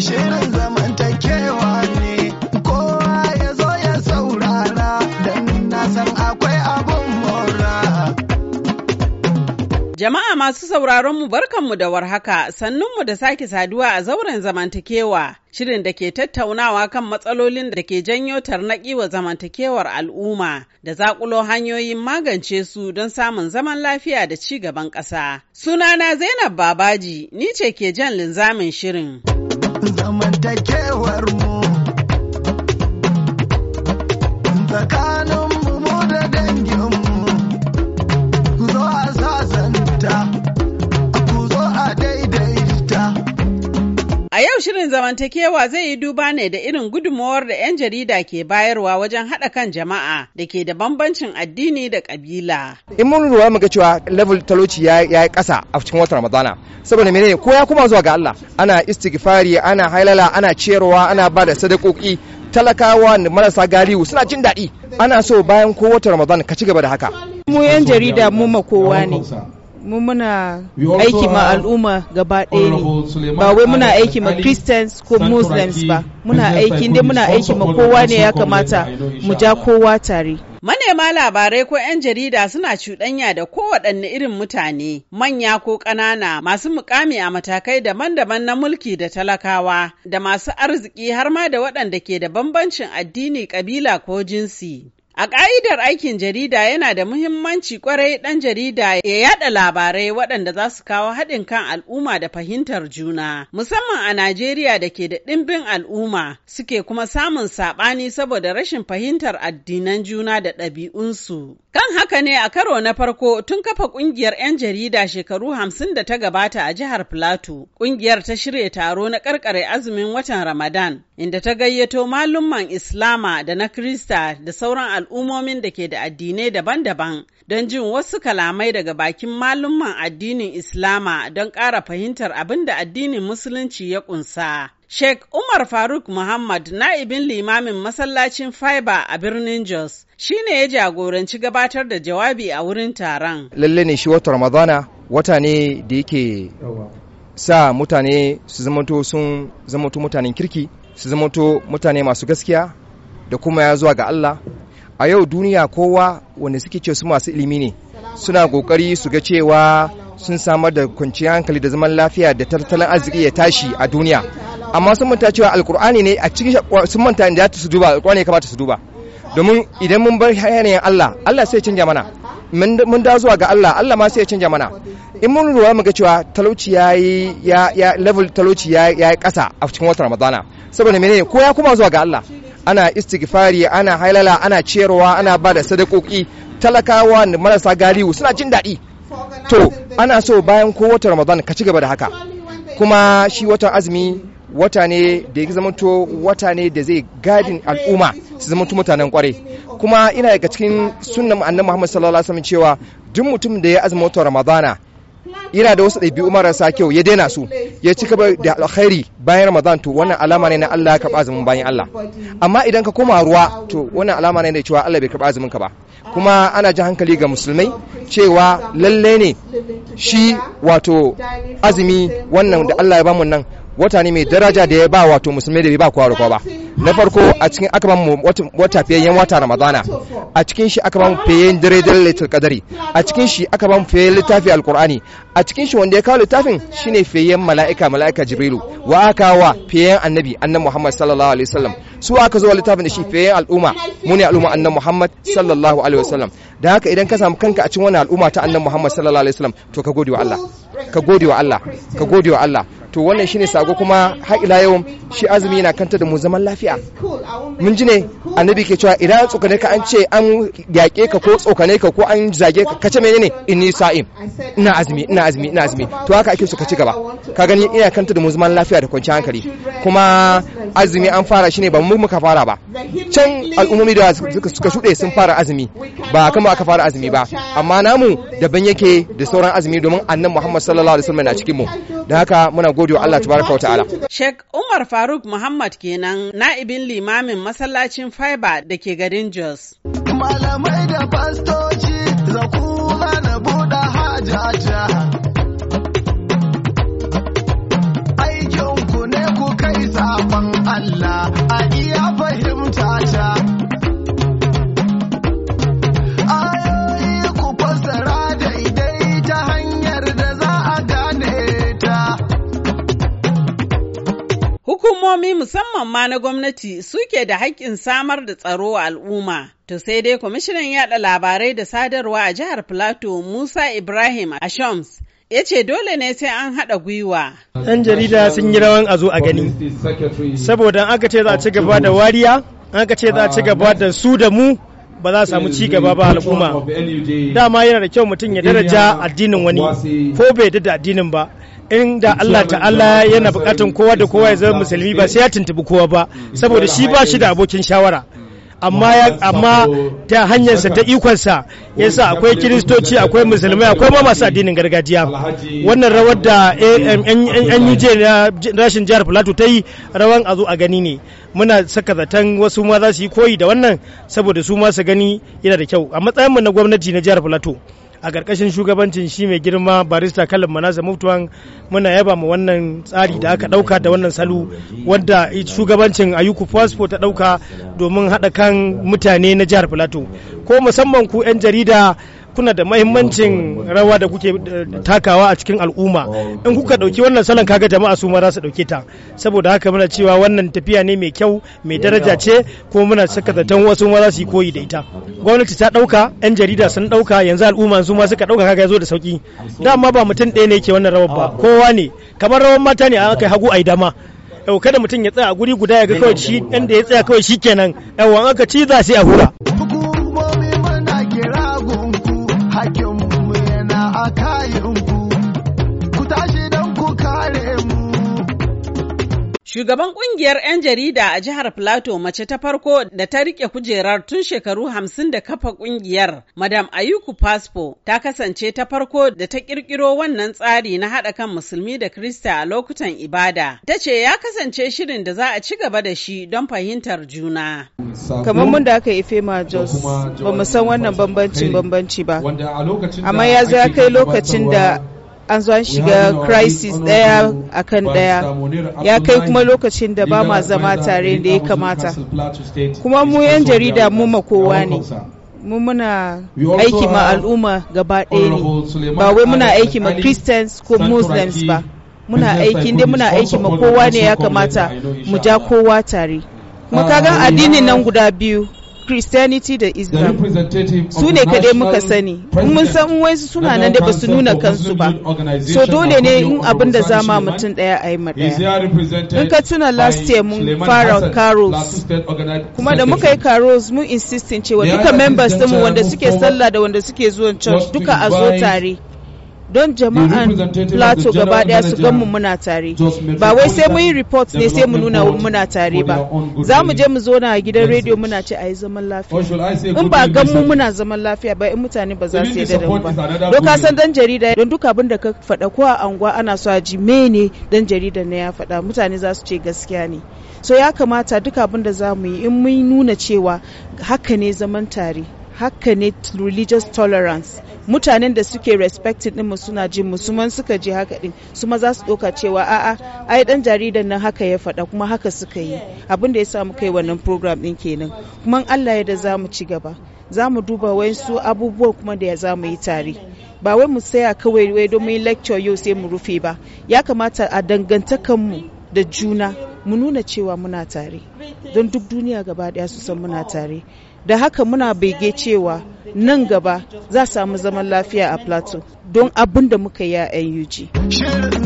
Shirin zamantakewa ne kowa ya saurara don Jama'a masu sauraron mu barkanmu da warhaka sannunmu da sake saduwa a zauren zamantakewa. shirin da ke tattaunawa kan matsalolin da ke janyo tarnaƙi wa zamantakewar al'umma da zaƙulo hanyoyin magance su don samun zaman lafiya da ci gaban ƙasa. Sunana Zainab Babaji, ni ce ke jan linzamin shirin. zamantakewar mu yau shirin zamantakewa zai yi duba ne da irin gudunmawar da 'yan jarida ke bayarwa wajen haɗa kan jama'a da ke da bambancin addini da ƙabila. In mun lura muka cewa level talauci ya yi ƙasa a cikin watan Ramadana. Saboda menene ko ya kuma zuwa ga Allah ana istighfari ana hailala ana ciyarwa ana ba da sadakoki talakawa marasa galihu suna jin daɗi ana so bayan ko watan ramadana ka ci gaba da haka. Mu 'yan jarida mu kowa ne. mu muna aiki ma al'umma gaba ba wai muna aiki ma christians ko muslims ba muna aiki inda muna aiki ma kowa ne ya kamata mu ja kowa tare Manema labarai ko 'yan jarida suna cuɗanya da kowaɗanne irin mutane, manya ko ƙanana, masu mukami a matakai daban-daban na mulki da talakawa, da masu arziki har ma da waɗanda ke da bambancin addini, ƙabila ko jinsi. A ƙa'idar aikin jarida yana da muhimmanci kwarai ɗan jarida ya yada labarai waɗanda za su kawo haɗin kan al'umma da fahimtar juna, musamman a Najeriya da ke da ɗimbin al'umma suke kuma samun saɓani saboda rashin fahimtar addinan juna da ɗabi'unsu. Kan haka ne a karo na farko tun kafa kungiyar 'yan jarida shekaru hamsin da ta gabata a jihar Filato, kungiyar ta shirya taro na karkare azumin watan Ramadan, inda ta gayyato malumman Islama da na Krista da sauran al'ummomin da ke da addinai daban-daban don jin wasu kalamai daga bakin malumman addinin Islama don ƙara fahimtar abin da addinin Musulunci ya ƙunsa. Sheikh Umar Faruk Muhammad na'ibin limamin masallacin Fiber a birnin Jos shi ne ya jagoranci gabatar da jawabi a wurin taron. Lalle ne shi wata Ramadana wata ne da yake sa mutane su zamanto sun zamanto mutanen kirki su zamanto mutane masu gaskiya da kuma ya zuwa ga Allah. A yau duniya kowa wanda suke ce su masu ilimi ne suna kokari su ga cewa sun samar da kwanciyar hankali da zaman lafiya da tattalin arziki ya tashi a duniya amma sun manta cewa alkur'ani ne a cikin sun manta ta su duba alkur'ani ya kamata su duba domin idan mun bar yanayin Allah Allah sai ya canja mana mun da zuwa ga Allah Allah ma sai ya canja mana in mun lura mu ga cewa talauci yayi ya level talauci yayi kasa a cikin watan Ramadana saboda mene ko ya kuma zuwa ga Allah ana istighfari ana hailala ana ciyarwa ana bada sadakoki talakawa da marasa galihu suna jin daɗi to ana so bayan ko wata ramadan ka ci gaba da haka kuma shi wata azumi wata ne da ya zamanto wata ne da zai gadin al'umma su zamanto mutanen kwarai kuma ina daga cikin sunnan annabi muhammad sallallahu alaihi wasallam cewa duk mutum da ya azumi wata ramadana Ina da wasu ɗabi'u marasa kyau ya daina su ya ci gaba da alkhairi bayan ramadan to wannan alama ne na Allah ya karɓa azumin bayan Allah amma idan ka koma ruwa to wannan alama ne da cewa Allah bai karɓa azumin ka ba kuma ana jan hankali ga musulmai cewa lalle ne shi wato azumi wannan da Allah ya bamu nan wata ne mai daraja da ya ba wato musulmai da bai ba kowa da kowa ba na farko a cikin aka ba mu wata fiyayyen wata ramadana a cikin shi aka ba mu fiyayyen dare dare laitul qadari a cikin shi aka ba mu fiyayyen littafi alqur'ani a cikin shi wanda ya kawo littafin shine fiyayyen mala'ika mala'ika jibrilu wa aka wa fiyayyen annabi annabi muhammad sallallahu alaihi wasallam su aka zo littafin da shi fiyayyen al'umma mu ne al'umma annabi muhammad sallallahu alaihi wasallam da haka idan ka samu kanka a cikin wannan al'umma ta annabi muhammad sallallahu alaihi wasallam to ka gode wa Allah ka gode wa Allah ka gode wa Allah to wannan shine sago kuma har ila yau shi azumi yana kanta da mu zaman lafiya mun ji ne annabi ke cewa idan tsokane ka an ce an yaƙe ka ko tsokane ka ko an zage ka kace menene inni sa'im ina azumi ina azumi ina azumi to haka ake so ka ci gaba ka gani ina kanta da mu zaman lafiya da kwanciyar hankali kuma azumi an fara shi ne ba mu muka fara ba can al'ummomi da suka shuɗe sun fara azumi ba kama aka fara azumi ba amma namu daban yake da sauran azumi domin annan muhammad sallallahu alaihi wasallam na cikin mu da haka muna gode wa Allah tabaraka wa ta'ala Sheikh Umar Faruk Muhammad kenan na'ibin limamin masallacin fiber da ke garin Jos malamai da pastor Hukumomi musamman ma na gwamnati suke da haƙƙin samar da tsaro a al'umma. To sai dai kwamishinan yaɗa labarai da sadarwa a jihar Filato Musa Ibrahim a shams ya ce dole ne sai an haɗa gwiwa. ‘Yan jarida sun yi rawan a zo a gani, saboda aka ce za a ci gaba da wariya, aka ce za a ci gaba da su da mu ba za a samu ci gaba ba al'umma. Dama yana da kyau mutum ya daraja addinin wani, ko bai da addinin ba. in da Allah ta'ala yana bukatan kowa da kowa ya zama musulmi ba sai ya tuntubi kowa ba saboda shi ba shi da abokin shawara amma amma ta hanyarsa ta ikonsa yasa akwai kiristoci akwai musulmai akwai ma masu addinin gargajiya wannan rawar da nuj rashin jihar plateau ta yi rawan a zo a gani ne muna saka zaton wasu ma za su yi koyi da wannan saboda su ma su gani yana da kyau a matsayinmu na gwamnati na jihar filato. a ƙarƙashin shugabancin shi mai girma barista kalin manasa muftuwan muna yaba mu wannan tsari da aka ɗauka da wannan salu wadda shugabancin ayuku fasfo ta ɗauka domin haɗa kan mutane na jihar plateau ko musamman ku 'yan jarida kuna da mahimmancin rawa da kuke eh, takawa a cikin al'umma oh, in kuka dauki wannan salon kaga jama'a su ma za su dauke ta saboda haka muna cewa wannan tafiya ne mai kyau mai daraja ce ko muna saka zaton wasu ma za su yi koyi da ita gwamnati ta dauka yan jarida sun dauka yanzu al'umma su ma suka dauka kaga yazo da sauki dama ba mutum ɗaya ne ke wannan rawar ba ah. kowa ne kamar rawar mata ne aka kai hagu ai dama yau kada mutum ya tsaya a guri guda ya ga kawai shi da ya tsaya kawai shi kenan yau an aka ci za sai a hura Shugaban kungiyar 'yan jarida a jihar Plateau mace ta farko da ta rike kujerar tun shekaru hamsin da kafa kungiyar Madam Ayuku Paspo ta kasance ta farko da ta kirkiro wannan tsari na haɗa kan musulmi da Krista a lokutan ibada. Ta ce ya kasance shirin da za a ci gaba da shi don fahimtar juna. Kamar mun da aka ife ma Jos ba mu san wannan bambancin bambanci ba. Amma ya ya kai lokacin da an zo an shiga crisis ɗaya akan ɗaya uh, ya kai kuma lokacin da ba ma zama tare da ya kamata kuma mu 'yan jarida mu makowa ne mu muna aiki ma al'umma gaba ɗaya ne ba wai muna aiki ma christians ko muslims ba muna aiki inda muna aiki ma kowa ne ya kamata mu ja kowa tare kuma kaga uh, addinin nan guda biyu christianity da islam su ne kaɗai muka sani mun san wasu suna nan da ba su nuna kansu ba so dole ne in abin da zama mutum daya a yi daya in ka tuna last year mun fara carols kuma da muka yi carols mun insistin cewa duka members ɗinmu wanda suke sallah da wanda suke zuwan church duka a zo tare don jama'an plateau gaba daya su ganmu muna tare ba wai sai mun yi report ne sai mu nuna muna tare ba za mu je mu zo a gidan rediyo muna ce a yi zaman lafiya in ba gan mu muna zaman lafiya ba in mutane ba za su yi da ba don ka san dan jarida don duk abin da ka faɗa ko a anguwa ana so a ji mene dan jarida ne ya faɗa mutane za su ce gaskiya ne so ya kamata duk abin da za mu yi in mun nuna cewa haka ne zaman tare haka ne religious tolerance mutanen da suke respected din suna jin musulman suka ji haka din su ma za su doka cewa a'a ai dan jaridan nan haka ya faɗa kuma haka suka yi abin da ya samu kai wannan program din kenan kuma Allah ya da za mu ci gaba za mu duba wasu abubuwa kuma da ya za mu yi tare ba wai mu saya kawai wai domin lecture yau sai mu rufe ba ya kamata a dangantakanmu da juna mu nuna cewa muna tare don duk duniya gaba daya su san muna tare da haka muna bege cewa nan gaba za samu zaman lafiya a plateau don abin da muka yi a NUG. Shirin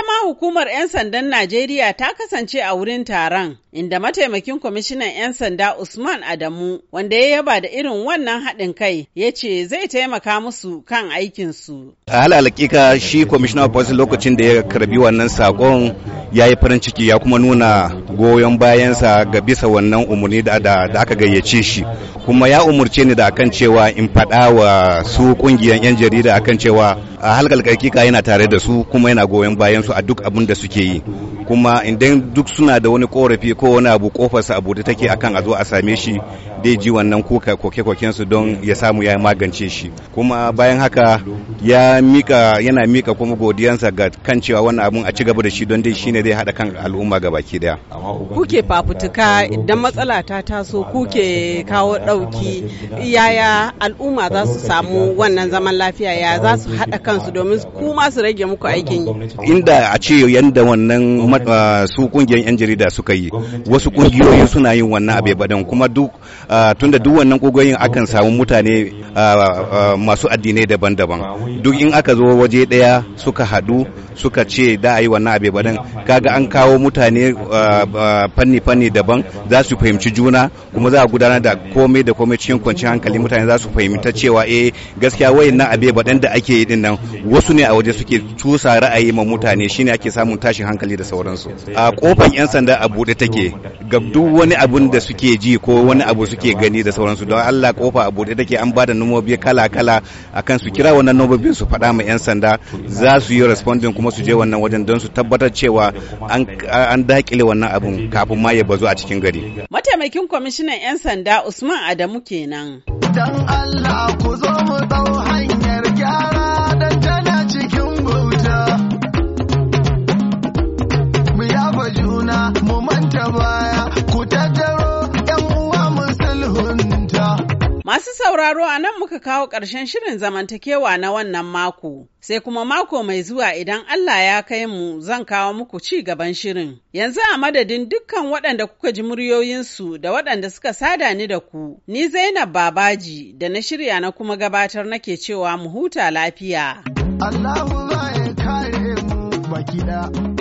Ita ma hukumar 'yan sandan Najeriya ta kasance a wurin taron, inda mataimakin kwamishinan 'yan sanda Usman Adamu, wanda ya yaba da irin wannan haɗin kai, ya ce zai taimaka musu kan aikinsu. A hal shi kwamishinan Fosil lokacin da ya karbi wannan saƙon ya yi farin ciki ya kuma nuna goyon bayansa ga bisa wannan umarni da, aka gayyace shi. Kuma ya umarce ni da akan cewa in faɗa wa su ƙungiyar 'yan jarida akan cewa a halkar yana tare da su kuma yana goyon bayan su a duk abin da suke yi kuma idan duk suna da wani korafi ko wani abu kofarsa abu da take akan a zo a same shi dai ji wannan kuka koke-koken su don ya samu ya magance shi kuma bayan haka ya mika yana mika kuma godiyansa ga kan cewa wannan abun a ci gaba da shi don dai shine zai hada kan al'umma ga baki daya kuke fafutuka idan matsala ta taso kuke kawo dauki yaya al'umma za su samu wannan zaman lafiya ya za su hada kansu domin kuma su rage muku aikin inda a ce yanda wannan su kungiyar yan jarida suka yi wasu kungiyoyi suna yin wannan abe badan kuma duk ah, tunda duk wannan kogoyin akan samu mutane ah, ah, masu addinai daban-daban duk in aka zo waje daya suka hadu suka ce da a yi wannan abe badan kaga an kawo mutane fanni-fanni daban za su fahimci juna kuma za a gudanar da komai da komai cikin kwanciyar hankali mutane za su ta cewa eh gaskiya nan abe badan da ake yi din wasu ne a waje suke cusa ra'ayi ma mutane shine ake samun tashin hankali da sauran sauransu a kofan yan sanda a bude take ga duk wani abun da suke ji ko wani abu suke gani da sauransu don Allah kofa a bude take an bada numobi kala kala akan su kira wannan numobin su faɗa ma yan sanda za su yi responding kuma su je wannan wajen don su tabbatar cewa an dakile wannan abun kafin ma ya bazu a cikin gari mataimakin kwamishinan yan sanda Usman Adamu kenan dan Allah ku zo mu hanyar gyara baya ku tattaro yan Masu sauraro a nan muka kawo ƙarshen shirin zamantakewa na wannan mako. Sai kuma mako mai zuwa idan Allah ya kai mu zan kawo muku ci gaban shirin. Yanzu a madadin dukkan waɗanda kuka ji muryoyinsu da waɗanda suka sada ni da ku, ni Zainab Babaji da na shirya na kuma gabatar nake cewa mu huta lafiya. Allahu ya kare mu